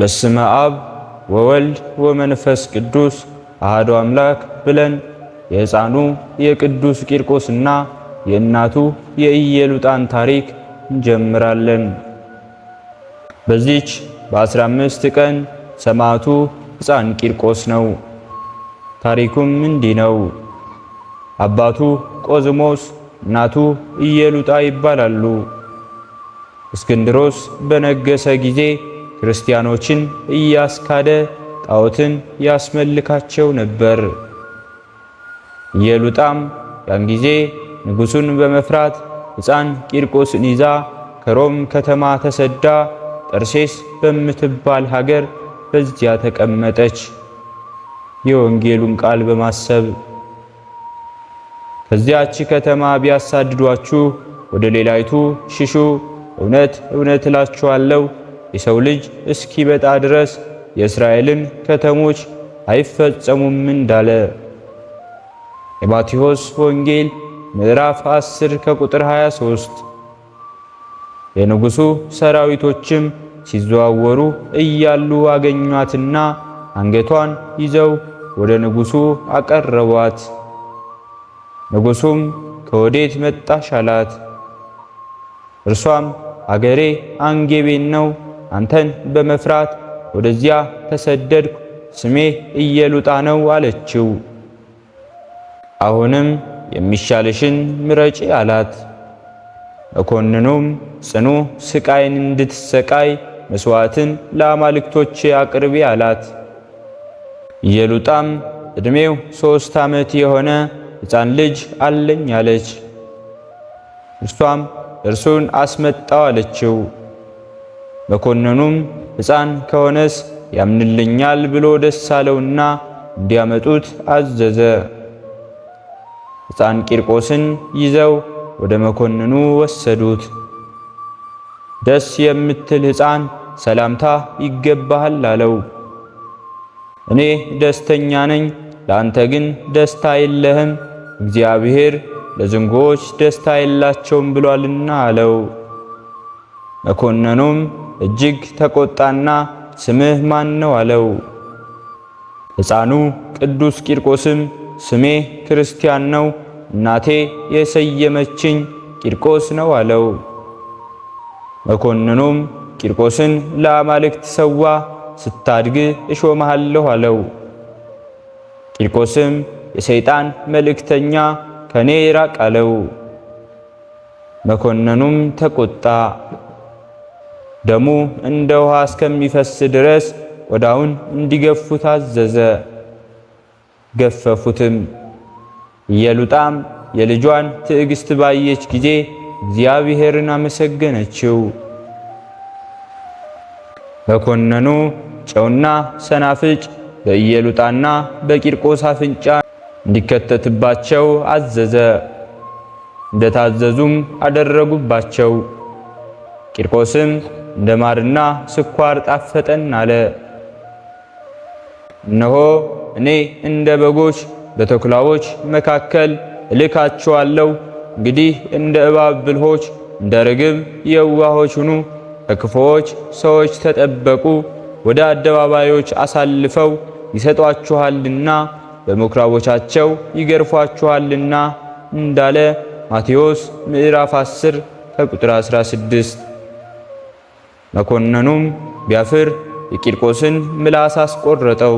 በስመ አብ ወወልድ ወመንፈስ ቅዱስ አሐዱ አምላክ ብለን የሕፃኑ የቅዱስ ቂርቆስና የእናቱ የኢየሉጣን ታሪክ እንጀምራለን። በዚች በ15 ቀን ሰማዕቱ ሕፃን ቂርቆስ ነው። ታሪኩም እንዲህ ነው። አባቱ ቆዝሞስ እናቱ ኢየሉጣ ይባላሉ። እስክንድሮስ በነገሰ ጊዜ ክርስቲያኖችን እያስካደ ጣዖትን ያስመልካቸው ነበር። የሉጣም ያን ጊዜ ንጉሡን በመፍራት ሕፃን ቂርቆስን ይዛ ከሮም ከተማ ተሰዳ ጠርሴስ በምትባል ሀገር በዚያ ተቀመጠች። የወንጌሉን ቃል በማሰብ ከዚያች ከተማ ቢያሳድዷችሁ ወደ ሌላይቱ ሽሹ፣ እውነት እውነት እላችኋለሁ የሰው ልጅ እስኪበጣ ድረስ የእስራኤልን ከተሞች አይፈጸሙም እንዳለ የማቴዎስ ወንጌል ምዕራፍ 10 ከቁጥር 23። የንጉሡ ሰራዊቶችም ሲዘዋወሩ እያሉ አገኟትና አንገቷን ይዘው ወደ ንጉሡ አቀረቧት። ንጉሡም ከወዴት መጣሽ አላት። እርሷም አገሬ አንጌቤን ነው አንተን በመፍራት ወደዚያ ተሰደድኩ፣ ስሜ እየሉጣ ነው አለችው። አሁንም የሚሻልሽን ምረጪ አላት። መኮንኑም ጽኑ ስቃይን እንድትሰቃይ መስዋዕትን ለአማልክቶቼ አቅርቢ አላት። ኢየሉጣም እድሜው ሶስት ዓመት የሆነ ሕፃን ልጅ አለኝ አለች። እርሷም እርሱን አስመጣው አለችው። መኮንኑም ሕፃን ከሆነስ ያምንልኛል ብሎ ደስ አለውና እንዲያመጡት አዘዘ። ሕፃን ቂርቆስን ይዘው ወደ መኮንኑ ወሰዱት። ደስ የምትል ሕፃን ሰላምታ ይገባሃል አለው። እኔ ደስተኛ ነኝ፣ ለአንተ ግን ደስታ የለህም፣ እግዚአብሔር ለዝንጎች ደስታ የላቸውም ብሏልና አለው። መኮንኑም እጅግ ተቆጣና ስምህ ማን ነው አለው። ሕፃኑ ቅዱስ ቂርቆስም ስሜ ክርስቲያን ነው፣ እናቴ የሰየመችኝ ቂርቆስ ነው አለው። መኮንኑም ቂርቆስን ለአማልክት ሰዋ፣ ስታድግ እሾመሃለሁ አለው። ቂርቆስም የሰይጣን መልእክተኛ ከኔ ራቅ አለው። መኮንኑም ተቆጣ። ደሙ እንደ ውሃ እስከሚፈስ ድረስ ቆዳውን እንዲገፉት አዘዘ። ገፈፉትም። የሉጣም የልጇን ትዕግስት ባየች ጊዜ እግዚአብሔርን አመሰገነችው። መኮንኑ ጨውና ሰናፍጭ በኢየሉጣና በቂርቆስ አፍንጫ እንዲከተትባቸው አዘዘ። እንደታዘዙም አደረጉባቸው። ቂርቆስም እንደ ማርና ስኳር ጣፈጠን አለ። እነሆ እኔ እንደ በጎች በተኩላዎች መካከል እልካችኋለሁ። እንግዲህ እንደ እባብ ብልሆች፣ እንደ ርግብ የዋሆች ሁኑ። ከክፉዎች ሰዎች ተጠበቁ፣ ወደ አደባባዮች አሳልፈው ይሰጧችኋልና፣ በምኩራቦቻቸው ይገርፏችኋልና እንዳለ ማቴዎስ ምዕራፍ 10 ከቁጥር 16 መኮንኑም ቢያፍር የቂርቆስን ምላስ አስቆረጠው።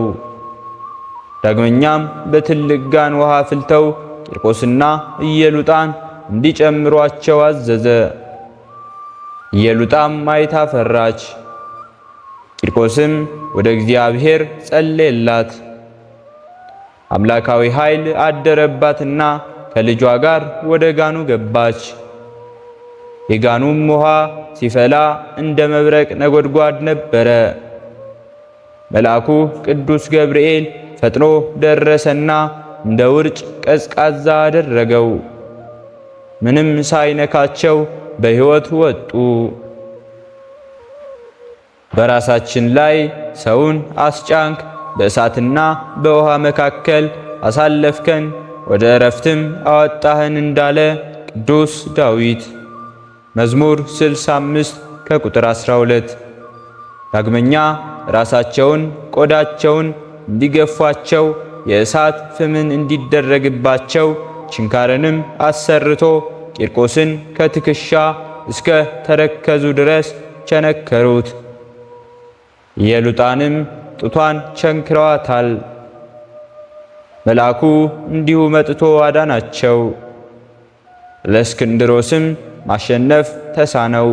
ዳግመኛም በትልቅ ጋን ውሃ ፍልተው ቂርቆስና እየሉጣን እንዲጨምሯቸው አዘዘ። እየሉጣም ማይታ ፈራች። ቂርቆስም ወደ እግዚአብሔር ጸለየላት። አምላካዊ ኃይል አደረባትና ከልጇ ጋር ወደ ጋኑ ገባች። የጋኑም ውሃ ሲፈላ እንደ መብረቅ ነጎድጓድ ነበረ። መልአኩ ቅዱስ ገብርኤል ፈጥኖ ደረሰና እንደ ውርጭ ቀዝቃዛ አደረገው። ምንም ሳይነካቸው በሕይወት ወጡ። በራሳችን ላይ ሰውን አስጫንክ፣ በእሳትና በውሃ መካከል አሳለፍከን፣ ወደ እረፍትም አወጣህን እንዳለ ቅዱስ ዳዊት መዝሙር 65 ከቁጥር 12። ዳግመኛ ራሳቸውን ቆዳቸውን እንዲገፏቸው የእሳት ፍምን እንዲደረግባቸው ችንካርንም አሰርቶ ቂርቆስን ከትከሻ እስከ ተረከዙ ድረስ ቸነከሩት። የሉጣንም ጡቷን ቸንክረዋታል። መልአኩ እንዲሁ መጥቶ አዳናቸው። ለእስክንድሮስም ማሸነፍ ተሳነው።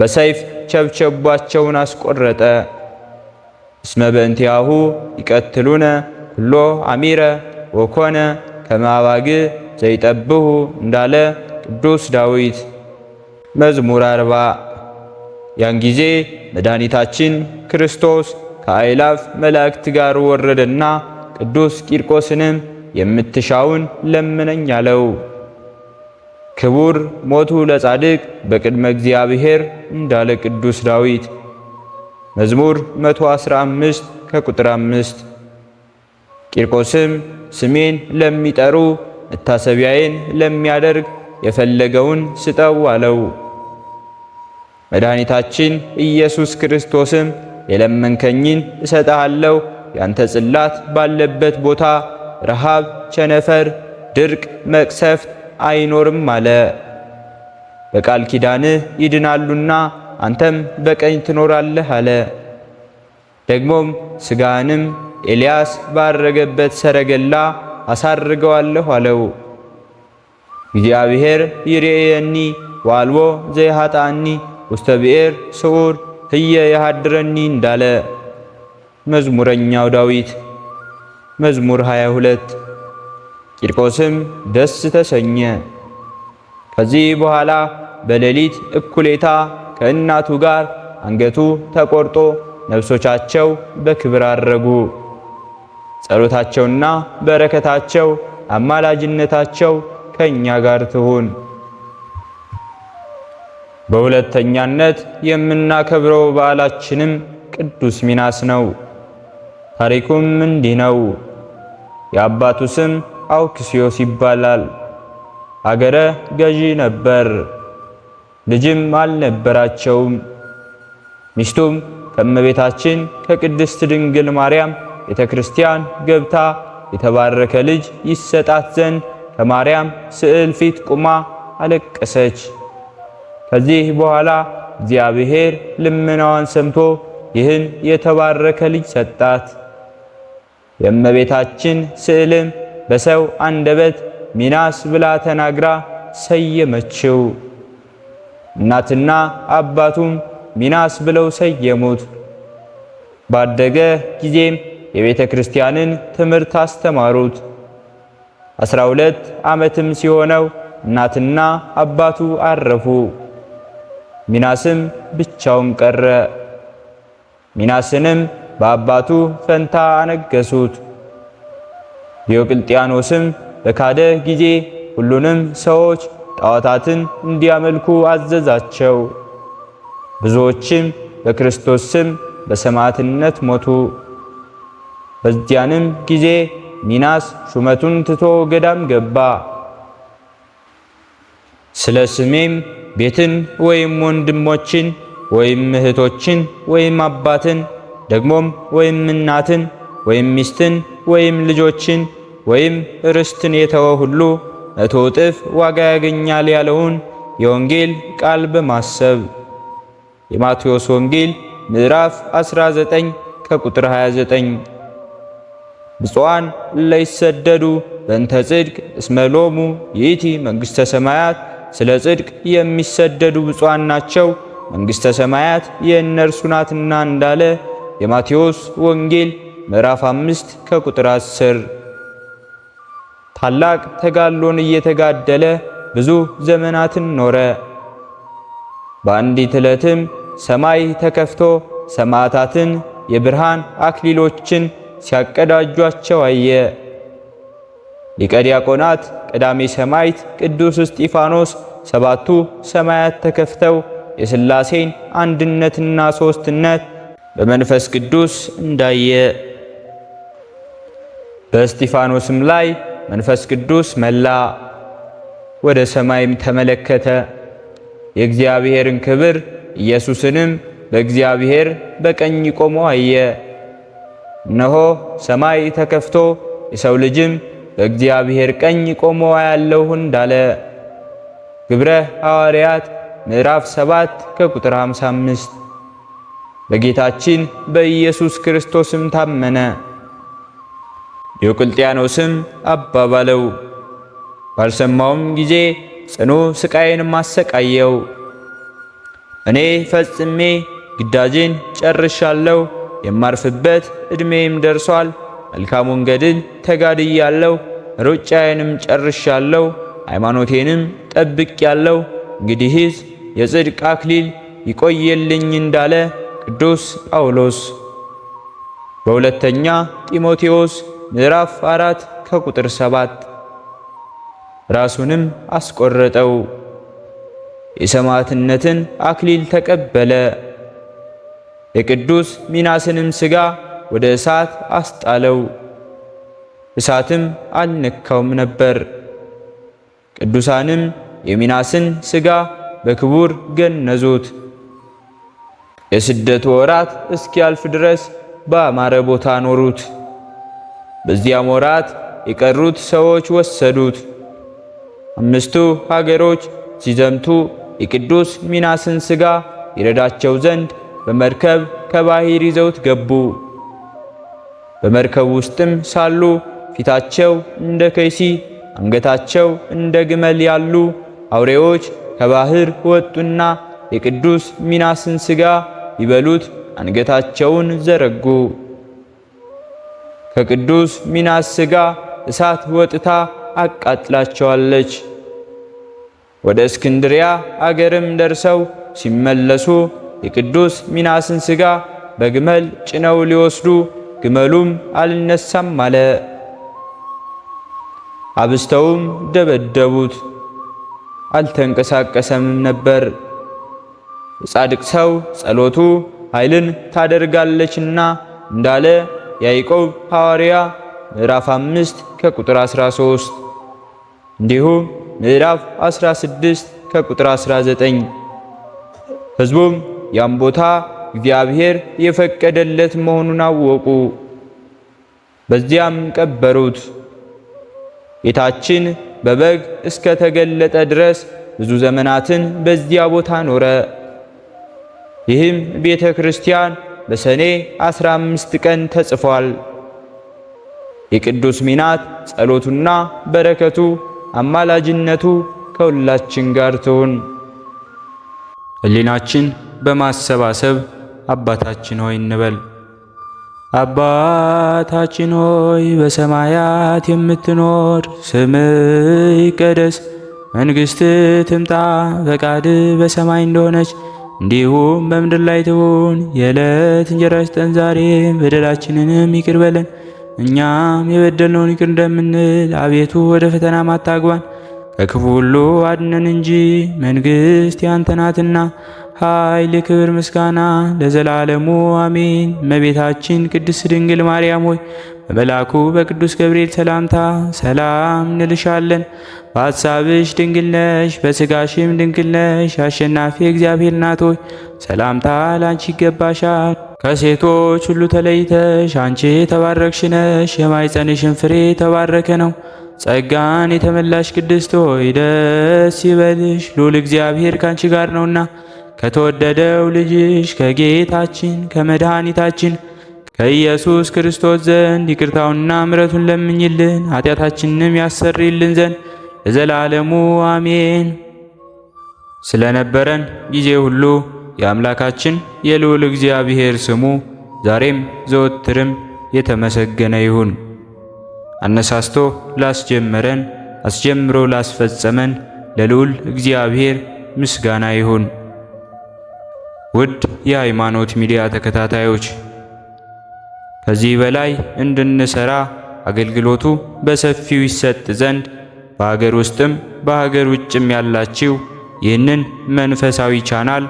በሰይፍ ቸብቸቧቸውን አስቆረጠ። እስመ በእንቲአሁ ይቀትሉነ ሁሎ አሚረ ወኮነ ከማባግ ዘይጠብሁ እንዳለ ቅዱስ ዳዊት መዝሙር አርባ ያን ጊዜ መድኃኒታችን ክርስቶስ ከአይላፍ መላእክት ጋር ወረደና ቅዱስ ቂርቆስንም የምትሻውን ለምነኝ አለው። ክቡር ሞቱ ለጻድቅ በቅድመ እግዚአብሔር እንዳለ ቅዱስ ዳዊት መዝሙር 115 ከቁጥር 5። ቂርቆስም ስሜን ለሚጠሩ መታሰቢያዬን ለሚያደርግ የፈለገውን ስጠው አለው። መድኃኒታችን ኢየሱስ ክርስቶስም የለመንከኝን እሰጠሃለሁ፣ ያንተ ጽላት ባለበት ቦታ ረሃብ፣ ቸነፈር፣ ድርቅ፣ መቅሰፍት አይኖርም አለ። በቃል ኪዳንህ ይድናሉና አንተም በቀኝ ትኖራለህ አለ። ደግሞም ስጋህንም ኤልያስ ባረገበት ሰረገላ አሳርገዋለሁ አለው። እግዚአብሔር ይሬየኒ ዋልቦ ዘይሃጣኒ ውስተ ብኤር ስዑር ህየ የሃድረኒ እንዳለ መዝሙረኛው ዳዊት መዝሙር 22 ቂርቆስም ደስ ተሰኘ። ከዚህ በኋላ በሌሊት እኩሌታ ከእናቱ ጋር አንገቱ ተቆርጦ ነፍሶቻቸው በክብር አረጉ። ጸሎታቸውና በረከታቸው አማላጅነታቸው ከእኛ ጋር ትሁን። በሁለተኛነት የምናከብረው በዓላችንም ቅዱስ ሚናስ ነው። ታሪኩም እንዲህ ነው። የአባቱ ስም አውክሲዮስ ይባላል። አገረ ገዢ ነበር። ልጅም አልነበራቸውም። ሚስቱም ከእመቤታችን ከቅድስት ድንግል ማርያም ቤተ ክርስቲያን ገብታ የተባረከ ልጅ ይሰጣት ዘንድ ከማርያም ስዕል ፊት ቁማ አለቀሰች። ከዚህ በኋላ እግዚአብሔር ልመናዋን ሰምቶ ይህን የተባረከ ልጅ ሰጣት። የእመቤታችን ስዕልም በሰው አንደበት ሚናስ ብላ ተናግራ ሰየመችው። እናትና አባቱም ሚናስ ብለው ሰየሙት። ባደገ ጊዜም የቤተ ክርስቲያንን ትምህርት አስተማሩት። አስራ ሁለት ዓመትም ሲሆነው እናትና አባቱ አረፉ። ሚናስም ብቻውን ቀረ። ሚናስንም በአባቱ ፈንታ አነገሱት። ዲዮቅልጥያኖስም በካደ ጊዜ ሁሉንም ሰዎች ጣዖታትን እንዲያመልኩ አዘዛቸው። ብዙዎችም በክርስቶስ ስም በሰማዕትነት ሞቱ። በዚያንም ጊዜ ሚናስ ሹመቱን ትቶ ገዳም ገባ። ስለ ስሜም ቤትን ወይም ወንድሞችን ወይም እህቶችን ወይም አባትን ደግሞም ወይም እናትን ወይም ሚስትን ወይም ልጆችን ወይም ርስትን የተወ ሁሉ መቶ እጥፍ ዋጋ ያገኛል ያለውን የወንጌል ቃል በማሰብ የማቴዎስ ወንጌል ምዕራፍ 19 ከቁጥር 29 ብፁዓን ለይሰደዱ በእንተ ጽድቅ እስመ ሎሙ ይእቲ መንግሥተ ሰማያት። ስለ ጽድቅ የሚሰደዱ ብፁዓን ናቸው መንግሥተ ሰማያት የእነርሱ ናትና እንዳለ የማቴዎስ ወንጌል ምዕራፍ አምስት ከቁጥር አስር ታላቅ ተጋድሎን እየተጋደለ ብዙ ዘመናትን ኖረ። በአንዲት ዕለትም ሰማይ ተከፍቶ ሰማዕታትን የብርሃን አክሊሎችን ሲያቀዳጇቸው አየ። ሊቀ ዲያቆናት ቀዳሜ ሰማዕት ቅዱስ እስጢፋኖስ ሰባቱ ሰማያት ተከፍተው የሥላሴን አንድነትና ሦስትነት በመንፈስ ቅዱስ እንዳየ በእስጢፋኖስም ላይ መንፈስ ቅዱስ መላ፣ ወደ ሰማይም ተመለከተ። የእግዚአብሔርን ክብር ኢየሱስንም በእግዚአብሔር በቀኝ ቆሞ አየ። እነሆ ሰማይ ተከፍቶ የሰው ልጅም በእግዚአብሔር ቀኝ ቆሞ ያለሁ እንዳለ ግብረ ሐዋርያት ምዕራፍ 7 ከቁጥር 55 በጌታችን በኢየሱስ ክርስቶስም ታመነ። ዲዮቅልጥያኖስም አባባለው። ባልሰማውም ጊዜ ጽኑ ስቃይንም አሰቃየው። እኔ ፈጽሜ ግዳጄን ጨርሻለሁ፣ የማርፍበት ዕድሜም ደርሷል። መልካሙን ገድል ተጋድያለሁ፣ ሩጫዬንም ጨርሻለሁ፣ ሃይማኖቴንም ጠብቄያለሁ። እንግዲህስ የጽድቅ አክሊል ይቆየልኝ እንዳለ ቅዱስ ጳውሎስ በሁለተኛ ጢሞቴዎስ ምዕራፍ አራት ከቁጥር ሰባት ራሱንም አስቆረጠው። የሰማዕትነትን አክሊል ተቀበለ። የቅዱስ ሚናስንም ሥጋ ወደ እሳት አስጣለው፣ እሳትም አልነካውም ነበር። ቅዱሳንም የሚናስን ሥጋ በክቡር ገነዙት። የስደቱ ወራት እስኪያልፍ ድረስ በአማረ ቦታ ኖሩት። በዚያም ወራት የቀሩት ሰዎች ወሰዱት። አምስቱ ሀገሮች ሲዘምቱ የቅዱስ ሚናስን ሥጋ ይረዳቸው ዘንድ በመርከብ ከባሕር ይዘውት ገቡ። በመርከብ ውስጥም ሳሉ ፊታቸው እንደ ከይሲ አንገታቸው እንደ ግመል ያሉ አውሬዎች ከባሕር ወጡና የቅዱስ ሚናስን ሥጋ ይበሉት አንገታቸውን ዘረጉ። ከቅዱስ ሚናስ ሥጋ እሳት ወጥታ አቃጥላቸዋለች። ወደ እስክንድሪያ አገርም ደርሰው ሲመለሱ የቅዱስ ሚናስን ሥጋ በግመል ጭነው ሊወስዱ ግመሉም አልነሳም አለ። አብስተውም ደበደቡት፣ አልተንቀሳቀሰምም ነበር። የጻድቅ ሰው ጸሎቱ ኃይልን ታደርጋለችና እንዳለ ያዕቆብ ሐዋርያ ምዕራፍ 5 ከቁጥር 13 እንዲሁም ምዕራፍ 16 ከቁጥር 19። ሕዝቡም ያን ቦታ እግዚአብሔር የፈቀደለት መሆኑን አወቁ፣ በዚያም ቀበሩት። ጌታችን በበግ እስከ ተገለጠ ድረስ ብዙ ዘመናትን በዚያ ቦታ ኖረ። ይህም ቤተ ክርስቲያን በሰኔ 15 ቀን ተጽፏል። የቅዱስ ሚናት ጸሎቱና በረከቱ አማላጅነቱ ከሁላችን ጋር ትሁን። ሕሊናችን በማሰባሰብ አባታችን ሆይ እንበል። አባታችን ሆይ በሰማያት የምትኖር፣ ስምህ ይቀደስ፣ መንግሥትህ ትምጣ፣ ፈቃድህ በሰማይ እንደሆነች እንዲሁም በምድር ላይ ትሁን የዕለት እንጀራችንን ስጠን ዛሬ፣ በደላችንንም ይቅር በለን እኛም የበደልነውን ይቅር እንደምንል፣ አቤቱ ወደ ፈተና አታግባን ከክፉ ሁሉ አድነን እንጂ መንግሥት ያንተ ናትና፣ ኃይል፣ ክብር፣ ምስጋና ለዘላለሙ አሜን። እመቤታችን ቅድስት ድንግል ማርያም ሆይ በመልአኩ በቅዱስ ገብርኤል ሰላምታ ሰላም እንልሻለን። በሐሳብሽ ድንግል ነሽ፣ በሥጋሽም ድንግል ነሽ። አሸናፊ እግዚአብሔር እናት ሆይ ሰላምታ ላንቺ ይገባሻል። ከሴቶች ሁሉ ተለይተሽ አንቺ የተባረክሽ ነሽ፣ የማይጸንሽን ፍሬ የተባረከ ነው። ጸጋን የተመላሽ ቅድስት ሆይ ደስ ይበልሽ፣ ሉል እግዚአብሔር ካንቺ ጋር ነውና ከተወደደው ልጅሽ ከጌታችን ከመድኃኒታችን ከኢየሱስ ክርስቶስ ዘንድ ይቅርታውንና ምረቱን ለምኝልን ኃጢአታችንንም ያሰርይልን ዘንድ ለዘላለሙ አሜን። ስለነበረን ጊዜ ሁሉ የአምላካችን የልዑል እግዚአብሔር ስሙ ዛሬም ዘወትርም የተመሰገነ ይሁን። አነሳስቶ ላስጀመረን አስጀምሮ ላስፈጸመን ለልዑል እግዚአብሔር ምስጋና ይሁን። ውድ የሃይማኖት ሚዲያ ተከታታዮች ከዚህ በላይ እንድንሰራ አገልግሎቱ በሰፊው ይሰጥ ዘንድ በሀገር ውስጥም በሀገር ውጭም ያላችሁ ይህንን መንፈሳዊ ቻናል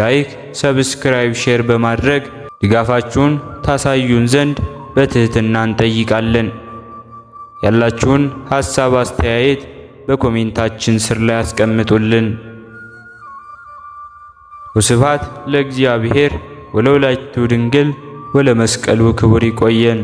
ላይክ፣ ሰብስክራይብ፣ ሼር በማድረግ ድጋፋችሁን ታሳዩን ዘንድ በትህትና እንጠይቃለን። ያላችሁን ሐሳብ አስተያየት በኮሜንታችን ስር ላይ አስቀምጡልን። ወስብሐት ለእግዚአብሔር ወለወላዲቱ ድንግል ወለመስቀሉ ክቡር ይቆየን።